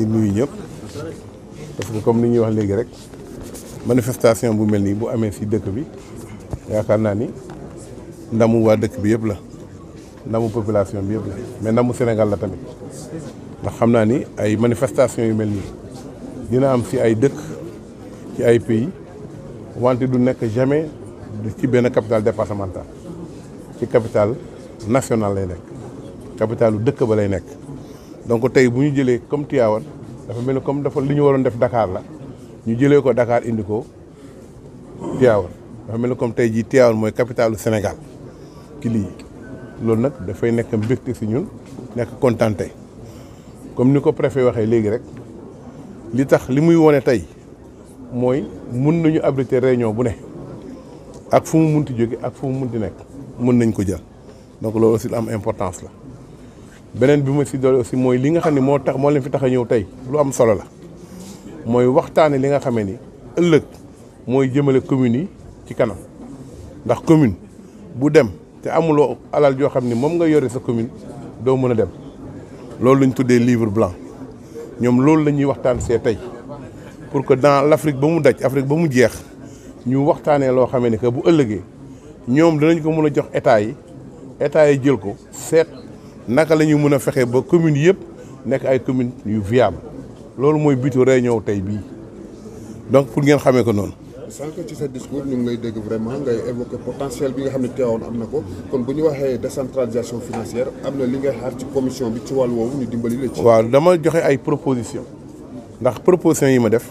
ngi nuyu ñëpp parce que comme ni ñuy wax léegi rek manifestation bu mel nii bu amee si dëkk bi yaakaar naa ni ndamu waa dëkk bi yëpp la ndamu population bi yëpp la mais ndamu Sénégal la tamit ndax xam naa ni ay manifestation yu mel nii dina am si ay dëkk ci ay pays wante du nekk jamais ci benn capital départemental ci capital national lay nekk capitalu dëkk ba lay nekk donc tey bu ñu jëlee comme Tivaouane dafa mel ni comme dafa li ñu waroon def Dakar la ñu jëlee ko dakaar indi ko Tivaouane dafa mel ni comme tey jii Tivaouane mooy capitalu senegal ci lii loolu nag dafay nekk mbégte si ñun nekk contenté comme ni ko préfet waxee léegi rek li tax li muy wone tey mooy mun nañu abriter réunion bu ne ak fu mu munti jóge ak fu mu munti nekk mun nañ ko jël donc loolu aussi lu am importance la. beneen bi ma si doole aussi mooy li nga xam ne moo tax moo leen fi tax a ñëw tey lu am solo la mooy waxtaane li nga xamee ni ëllëg mooy jëmale communes yi ci kanam ndax commune bu dem te amuloo alal joo xam ni moom nga yore sa commune doo mën a dem loolu lañ tuddee livre blanc ñoom loolu la ñuy waxtaan see tey pour que dans l' Afrique ba mu daj Afrique ba mu jeex ñu waxtaanee loo xamee ni que bu ëllëgee ñoom danañ ko mën a jox état yi état yi jël ko seet naka lañu ñu mën a fexe ba commune yëpp nekk ay commune yu viable loolu mooy bitu réunion tey bii donc pour ngeen xamee ko noonu. sànq ci sa discours ñu ngi lay dégg vraiment ngay évoquer potentiel bi nga xam ne teewoon am na ko kon bu ñu waxee décentralisation financière am na li ngay xaar ci commission bi ci wàll woowu ñu dimbali la ci. waaw dama joxe ay proposition ndax proposition yi ma def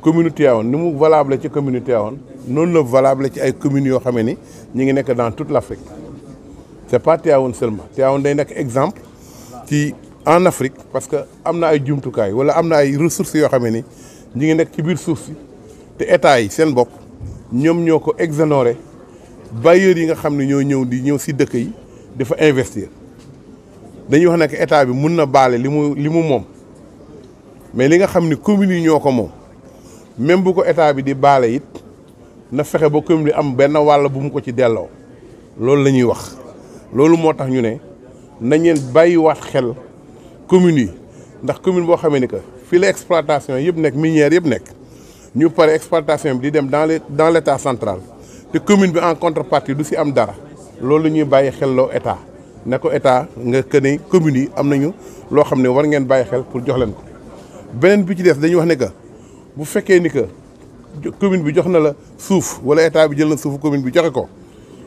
commune Tivaouane ni mu valable ci commune Tivaouane noonu la valable ci ay communes yoo xam ni ngi nekk dans toute l'Afrique. c'est pas Tivaouane seulement Tivaouane day nekk exemple ci en Afrique parce que am na ay jumtukaay wala am na ay ressources yoo xam ni ñu ngi nekk ci biir suuf si te état yi seen bopp ñoom ñoo ko exenoore bailleurs yi nga xam ne ñoo ñëw di ñëw si dëkk yi dafa investir dañuy wax ne état bi mun na baale li mu li mu moom mais li nga xam ni communes yi ñoo ko moom même bu ko état bi di baale it na fexe ba commune bi am benn wàll bu mu ko ci delloo loolu la ñuy wax. loolu moo tax ñu ne nañ bàyyi bàyyiwaat xel communes yi ndax commune boo xamee ni que fii la exploitation yëpp nekk minière yëpp nekk ñu pare exploitation bi di dem dans les dans l' état central te commune bi en contrepartie du si am dara loolu ñuy bàyyi xel loo état ne ko état nga que ni communes yi am nañu loo xam ne war ngeen bàyyi xel pour jox leen ko beneen bi ci des dañuy wax ne que bu fekkee ni que commune bi jox na la suuf wala état bi jël na suufu commune bi joxe ko.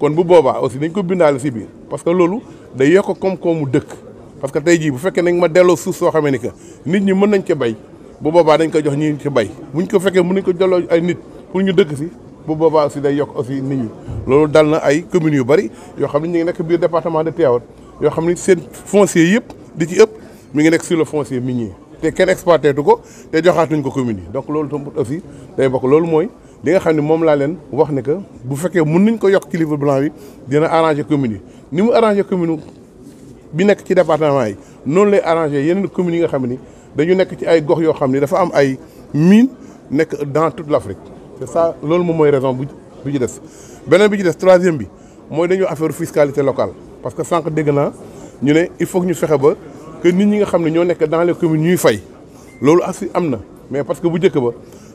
kon bu boobaa aussi dañ ko bindaale si biir parce que loolu day yokk koom mu dëkk parce que tey jii bu fekkee nañ ma delloo suuf soo xamee ni que nit ñi mën nañ ko bay bu boobaa dañ ko jox ñi ci bay buñ ko fekkee mën nañ ko delloo ay nit pour ñu dëkk si bu boobaa aussi day yokk aussi nit ñi loolu dal na ay communes yu bari yoo xam ne ñu ngi nekk biir département de Tivaouane yoo xam ne seen foncier yëpp di ci ëpp mu ngi nekk sur le foncier minier te kenn exploité tu ko te joxaatuñ ko commune yi donc loolu tamit aussi day bokk loolu mooy li nga xam ne moom laa leen wax ne que bu fekkee mën nañ ko yokk ci livre blanc bi dina arranger commune yi ni mu arranger commune bi nekk ci département yi noonu lay arranger yeneen commune yi nga xam ni dañu nekk ci ay gox yoo xam ni dafa am ay mine nekk dans toute l' Afrique c' est ça loolu moom mooy raison bu bi ci des beneen bi ci des troisième bi mooy dañu affaire fiscalité locale parce que sànq dégg naa ñu ne il faut que ñu fexe ba que nit ñi nga xam ne ñoo nekk dans les communes ñuy fay loolu as am na mais parce que bu njëkk ba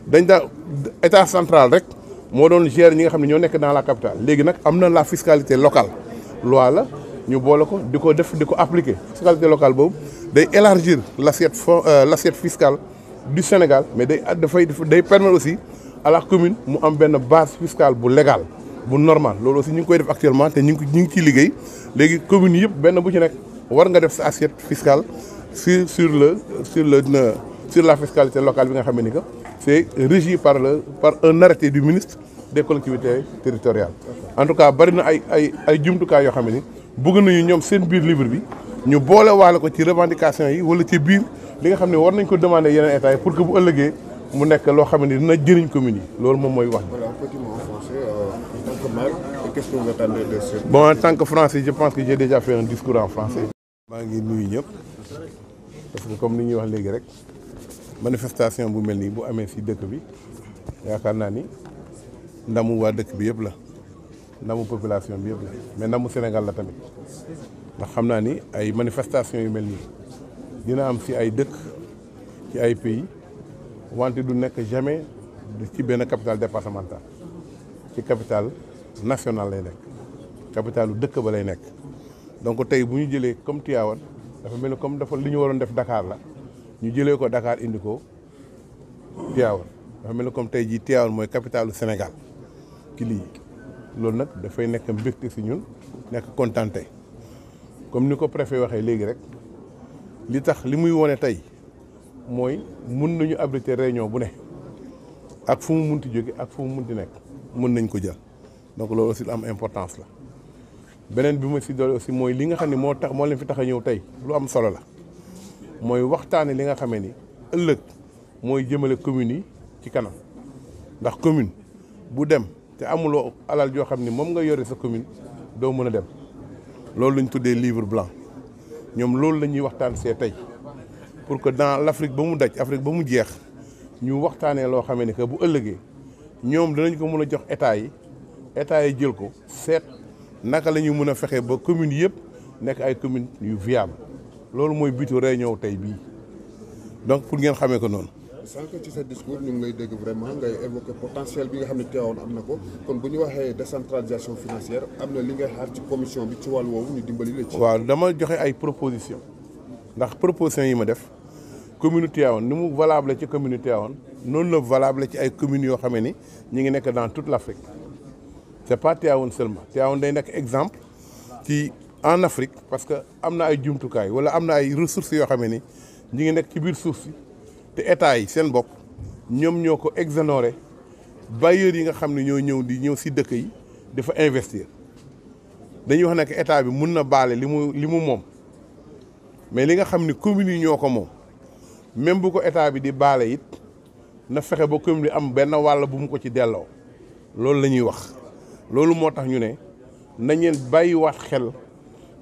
dañ da état central rek moo doon gérer ñi nga xam ne ñoo nekk dans la capitale léegi nag am na la fiscalité locale loi la ñu boole ko di ko def di ko appliquer fiscalité locale boobu day élargir l'assiette fo euh, l'assiette fiscale du Sénégal mais day dafay day permettre aussi à la commune mu am benn base fiscale bu légale bu normal loolu aussi ñu ngi koy def actuellement te ñu ngi ñu ngi ciy liggéey léegi communes yëpp benn bu ci nekk war nga def sa assiette fiscale sur sur le sur le sur la fiscalité locale bi nga xam ne ni que c'est régi par le par un arrêté du ministre des collectivités territoriales. en tout cas Barina ay ay ay jumtukaay yoo xam ni bëgg nañu ñom seen biir livre bi ñu boole walé ko ci revendication yi wala ci biir li nga xamni war nañ ko demander yeneen état yi pour que bu ëllëgé mu nekk lo xamni dina jëriñ commune loolu mom moy wax. voilà petit mot français euh, en tant que maire qu'est-ce que vous attendez de ce. bon en tant que français je pense que j'ai déjà fait un discours en français. ma ngi nuyu ñëpp parce que comme ni ñuy wax légui rek manifestation bu mel nii bu amee si dëkk bi yaakaar naa ni ndamu waa dëkk bi yëpp la ndamu population bi yëpp la mais ndamu Sénégal la tamit ndax xam naa ni ay manifestation yu mel nii dina am si ay dëkk ci ay pays wante du nekk jamais ci benn capital départementale ci capital national lay nekk capitale dëkk ba lay nekk donc tey bu ñu jëlee comme Tivaouane dafa mel ni comme dafa li ñu waroon def Dakar la ñu jëlee ko dakaar indi ko Tivaouane dafa mel ne comme tey jii Tivaouane mooy capitalu senegal ci lii loolu nag dafay nekk mbégte si ñun nekk kontante comme ni ko préfet waxee léegi rek li tax li muy wone tey mooy mun nañu abriter réunion bu ne ak fu mu mun ti jóge ak fu mu mun ti nekk mun nañ ko jël donc loolu aussi lu am importance la beneen bi mu si doole aussi mooy li nga xam ne moo tax moo leen fi tax a ñëw tey lu am solo la. mooy waxtaane li nga xamee ni ëllëg mooy jëmale communes yi ci kanam ndax commune bu dem te amuloo alal joo xam ni moom nga yore sa commune doo mën a dem loolu lañ tuddee livre blanc ñoom loolu la ñuy waxtaan see tey pour que dans l'Afrique ba mu daj Afrique ba mu jeex ñu waxtaanee loo xamee ni que bu ëllëgee ñoom danañ ko mun a jox état yi état yi jël ko seet naka la ñu mën a fexe ba communes yëpp nekk ay communes yu viable loolu mooy butu réunion tey bii donc pour ngeen xamee ko noonu. sànq ci sa discours ñu ngi lay dégg vraiment ngay évoquer potentiel bi nga xam ne teewoon am na ko kon bu ñu waxee décentralisation financière am na li ngay xaar ci commission bi ci wàll woowu ñu dimbali la ci. waaw dama joxe ay proposition ndax proposition yi ma def commune Tivaouane ni mu valable ci commune Tivaouane noonu la valable ci ay communes yoo xamee ni ñu ngi nekk dans toute l' Afrique c' est pas Tivaouane seulement Tivaouane day nekk exemple ci. en Afrique parce que am na ay jumtukaay wala am na ay ressources yoo xam ne ni ñu ngi nekk ci biir suuf si te état yi seen bopp ñoom ñoo ko exonéré bailleurs yi nga xam ne ñoo ñëw di ñëw si dëkk yi dafa investir dañuy wax ne que bi mun na baale li mu li mu moom mais li nga xam ni communes yi ñoo ko moom même bu ko état bi di baale it na fexe ba commune bi am benn wàll bu mu ko ci delloo loolu la ñuy wax loolu moo tax ñu ne nañ leen wax xel.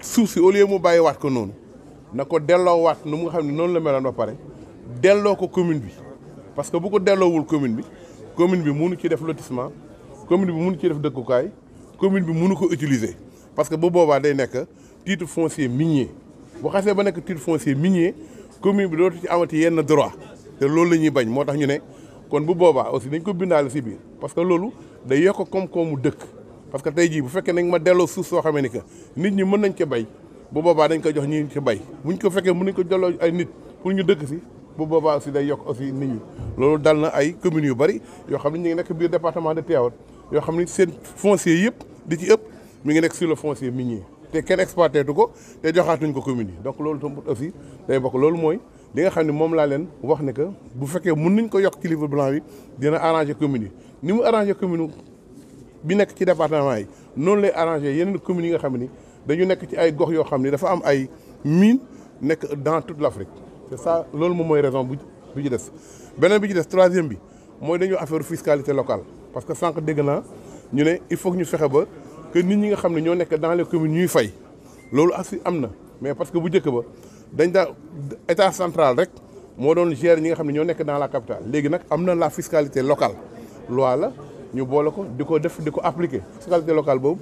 suuf au lieu mu bàyyiwaat non? N'ako dello ko delloowaat nu non le xam ne noonu la ba pare dello ko commune bi parce que bu ko wul commune bi commune bi mënu ci def lotissement commune bi mënu ci def dëkkukaay commune bi mënu ko utiliser parce que bu boba day nek titre foncier minier bu xasse ba nek titre foncier minier commune bi do ci amati yenn droit te lolou lañuy bañ motax ñu ne kon bu boba aussi dañ ko bindal ci bir parce que lolou day yokk comme koomu deuk parce que tey jii bu fekkee nañ ma delloo suuf soo xamee ni que nit ñi mën nañ ko bay bu boobaa dañ ko jox ñi ci bay buñ ko fekkee mën nañ ko delloo ay nit pour ñu dëkk si bu boobaa aussi day yokk aussi nit ñi loolu dal na ay communes yu bari yoo xam ne ñu ngi nekk biir département de Tivaouane yoo xam ne seen foncier yëpp di ci ëpp mu ngi nekk si le foncier minier te kenn exploité tu ko te joxaatuñ ko commune yi donc loolu tam aussi day bokk loolu mooy li nga xam ne moom laa leen wax ne que bu fekkee mën nañ ko yokk ci livre blanc bi dina arranger commune yi ni mu arranger commune bi nek ci département yi non lay arranger yeneen commune yi nga xam ni dañu nekk ci ay gox yoo xam ni dafa am ay mine nekk dans toute l' Afrique c' est ça loolu moom mooy raison bu bi ci des. beneen bi ci des troisième bi mooy dañu affaire fiscalité locale parce que sànq dégg naa ñu ne il faut que ñu fexe ba que nit ñi nga xam ne ñoo nekk dans les communes ñuy fay loolu aussi am na mais parce que bu njëkk ba dañ daa état central rek moo doon gérer ñi nga xam ne ñoo nekk dans la capitale léegi nag am na la fiscalité locale loi la nous avons appliqué la fiscalité locale pour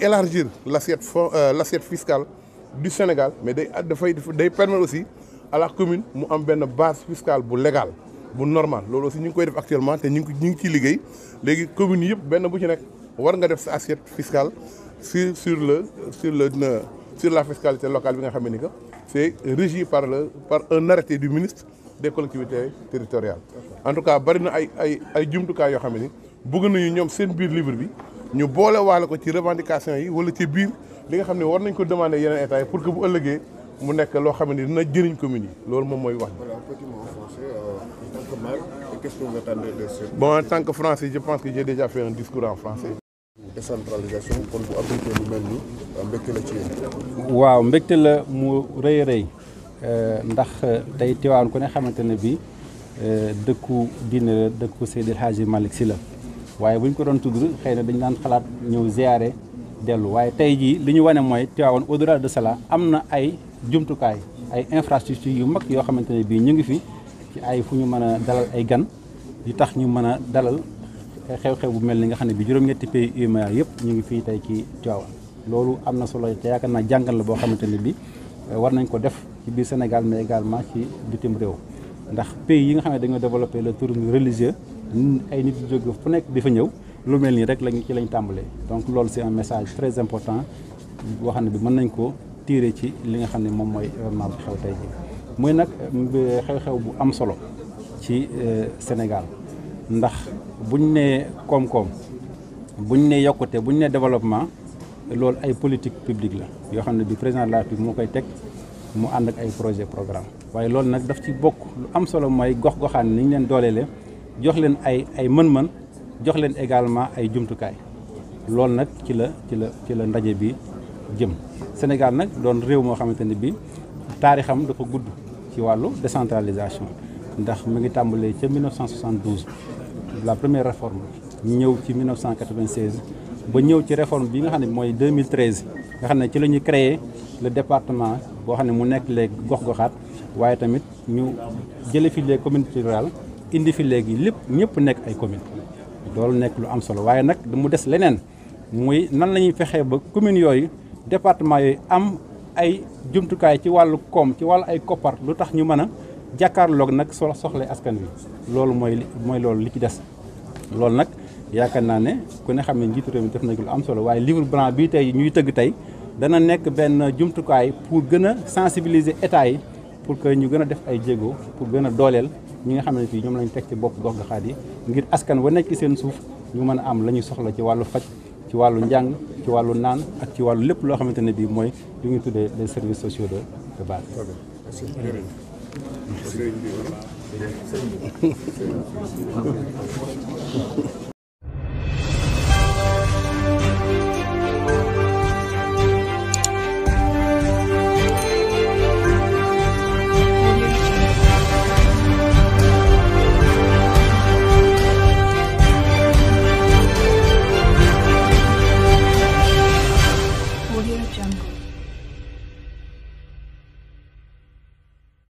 élargir euh, l'assiette fiscale du Sénégal mais de de permettre aussi à la commune d'avoir une base fiscale légale bu normal loolu aussi nous actuellement et nous ngi communes yëpp benn assiette fiscale sur sur le sur le euh, sur la fiscalité locale C'est régi par le par un arrêté du ministre des collectivités territoriales en tout cas il y ay ay de choses yoo xam bugg nañu ñoom seen biir libre bi ñu boole waale ko ci revendication yi wala ci biir li nga xam ne war nañ ko demande yeneen état yi pour que bu ëllëgee mu nekk loo xam ne dina jëriñ commune yi loolu moom mooy wax. voilà petit mot français euh, en tant que maire bon en tant que français je pense que j'ai déjà fait un discours en français. décentralisation kon bu appliqué lu mel euh, ci waaw mbégte la mu rëy rëy euh, ndax tey Tivaouane ko ne xamante ne bii dëkku diine la dëkku Seydil Hadji Malick Sy la. waaye buñ ko doon tudd xëy na dañu daan xalaat ñëw ziare dellu waaye tey jii li ñu wane mooy Tivaouane au delà de cela am na ay jumtukaay ay infrastructures yu mag yoo xamante ne bii ñu ngi fi ci ay fu ñu mën a dalal ay gan di tax ñu mën a dalal xew-xew bu mel ni nga xam ne bi juróom-ñetti pays UEMOA yëpp ñu ngi fii tey ci Tivaouane loolu am na solo te yaakaar naa jàngal la boo xamante ne bi euh, war nañ ko def ci biir Sénégal mais également ci bitim réew ndax pays yi nga xam ne dañoo développé le tourisme religieux ay nit di fu nek di fa ñëw lu melni rek lañ ci lañ tambalé donc lool c'est un message très important boo xam bi mën nañ ko tiré ci li nga xamné mom moy vraiment événement bu xew tey ji muy nag xew-xew bu am solo ci euh, Sénégal ndax buñ né kom kom buñ né yokkute buñ né développement lool ay politique publique la yo xamné ne bi président de la République moo koy teg mu and ak ay projet programme waye lool nak daf ci bokk lu am solo moy gox goxane ni ñu leen dooleele jox leen ay ay mën-mën jox leen également ay jumtukaay loolu nag ci la ci la ci la ndaje bi jëm Sénégal nag doon réew moo xamante ne bi taarixam dafa gudd ci wàllu décentralisation ndax mu ngi tàmbalee ca 1972 la première réforme ñëw ci 1996 ba ñëw ci réforme bi nga xam ne mooy 2013 nga xam ne ci la ñu créé le département boo xam ne mu nekk léegi gox-goxaat waaye tamit ñu jële fi les communautés rurales indi fi legui lepp ñepp nek ay commune dool nek lu am solo waye nak mu dess leneen muy nan lañuy fexé ba commune yoy département yoy am ay jumtukaay ci walu kom ci wàllu ay copart lutax ñu mëna a jàkkaarloog nag so askan wi loolu moy moy loolu li ci dess lool nak yaakaar na ne ku ne xam njitu rew mi def na lu am solo waye livre blanc bi tay ñuy tëgg tay dana nek ben jumtukaay pour gëna sensibiliser état yi pour que ñu gëna def ay djégo pour gëna dolel ñi nga xam ne fii ñoom lañ teg ci bopp gox goxaat yi ngir askan wa nekk ci seen suuf ñu mën a am la ñuy soxla ci wàllu faj ci wàllu njàng ci wàllu naan ak ci wàllu lépp loo xamante ne bii mooy li ñu tuddee les services sociaux de de base. Merci.